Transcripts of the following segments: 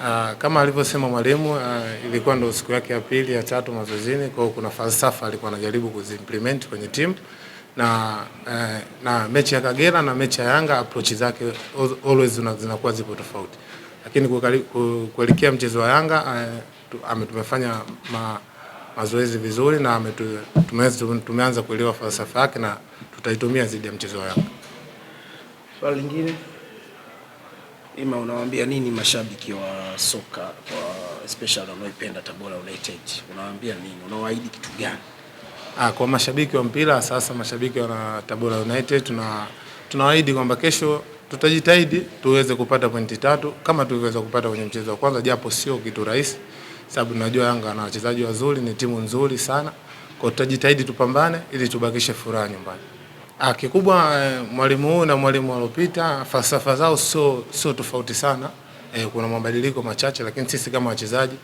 Aa, ah, kama alivyosema mwalimu ah, ilikuwa ndio siku yake ya pili ya tatu mazoezini, kwa hiyo kuna falsafa alikuwa anajaribu kuzimplement kwenye timu na, eh, na mechi ya Kagera na mechi ya Yanga approach zake always zinakuwa zipo tofauti, lakini kuelekea mchezo wa Yanga eh, ametumefanya ma, mazoezi vizuri na tumeanza kuelewa falsafa yake na tutaitumia zaidi ya mchezo wa Yanga. Swali lingine Ima, unawaambia nini mashabiki wa soka kwa especially wanaoipenda Tabora United? Unawaambia nini? Unawaahidi kitu gani? Ah, kwa mashabiki wa mpira sasa, mashabiki wa Tabora United tuna tunawaahidi kwamba kesho tutajitahidi tuweze kupata pointi tatu kama tulivyoweza kupata kwenye mchezo wa kwanza, japo sio kitu rahisi, sababu unajua Yanga na wachezaji wazuri, ni timu nzuri sana, kwa tutajitahidi tupambane ili tubakishe furaha nyumbani. Ah, kikubwa eh, mwalimu huyu na mwalimu aliopita falsafa zao sio sio tofauti sana. Eh, kuna mabadiliko machache, lakini sisi kama wachezaji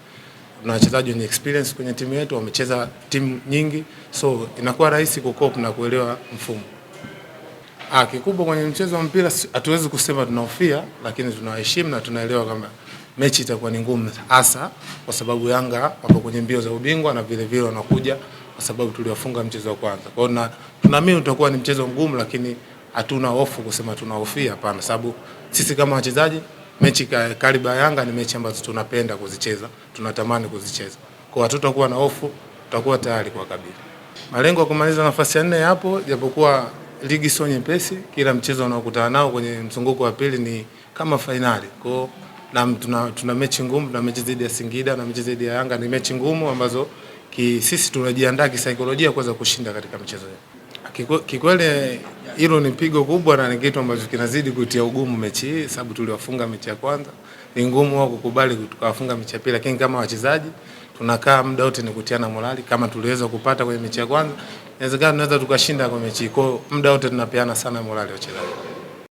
na wachezaji wenye experience kwenye timu yetu wamecheza timu nyingi, so inakuwa rahisi kukop na kuelewa mfumo. Ah, kikubwa kwenye mchezo wa mpira hatuwezi kusema tunahofia, lakini tunawaheshimu na tunaelewa kama mechi itakuwa ni ngumu, hasa kwa sababu Yanga wapo kwenye mbio za ubingwa na vilevile wanakuja kwa sababu tuliwafunga mchezo wa kwanza. Kwa hiyo tunaamini utakuwa ni mchezo mgumu, lakini hatuna hofu kusema tunahofia, hapana, sababu sisi kama wachezaji mechi kariba Yanga ni mechi ambazo tunapenda kuzicheza, tunatamani kuzicheza. Kwa hiyo hatutakuwa na hofu, tutakuwa tayari kwa kabili. Malengo ya kumaliza nafasi ya nne yapo, japokuwa ligi sio nyepesi. Kila mchezo unaokutana nao kwenye mzunguko wa pili ni kama fainali. Kwa hiyo na tuna, tuna mechi ngumu, tuna mechi dhidi ya Singida na mechi dhidi ya Yanga, ni mechi ngumu ambazo ki, sisi tunajiandaa kisaikolojia kuweza kushinda katika mchezo huu. Kikweli hilo ni pigo kubwa na ni kitu ambacho kinazidi kutia ugumu mechi hii, sababu tuliwafunga mechi ya kwanza, ni ngumu wao kukubali tukawafunga mechi ya pili, lakini kama wachezaji tunakaa muda wote ni kutiana morali, kama tuliweza kupata kwenye mechi ya kwanza, inawezekana tunaweza tukashinda kwenye mechi hii. Kwa muda wote tunapeana sana morali wachezaji.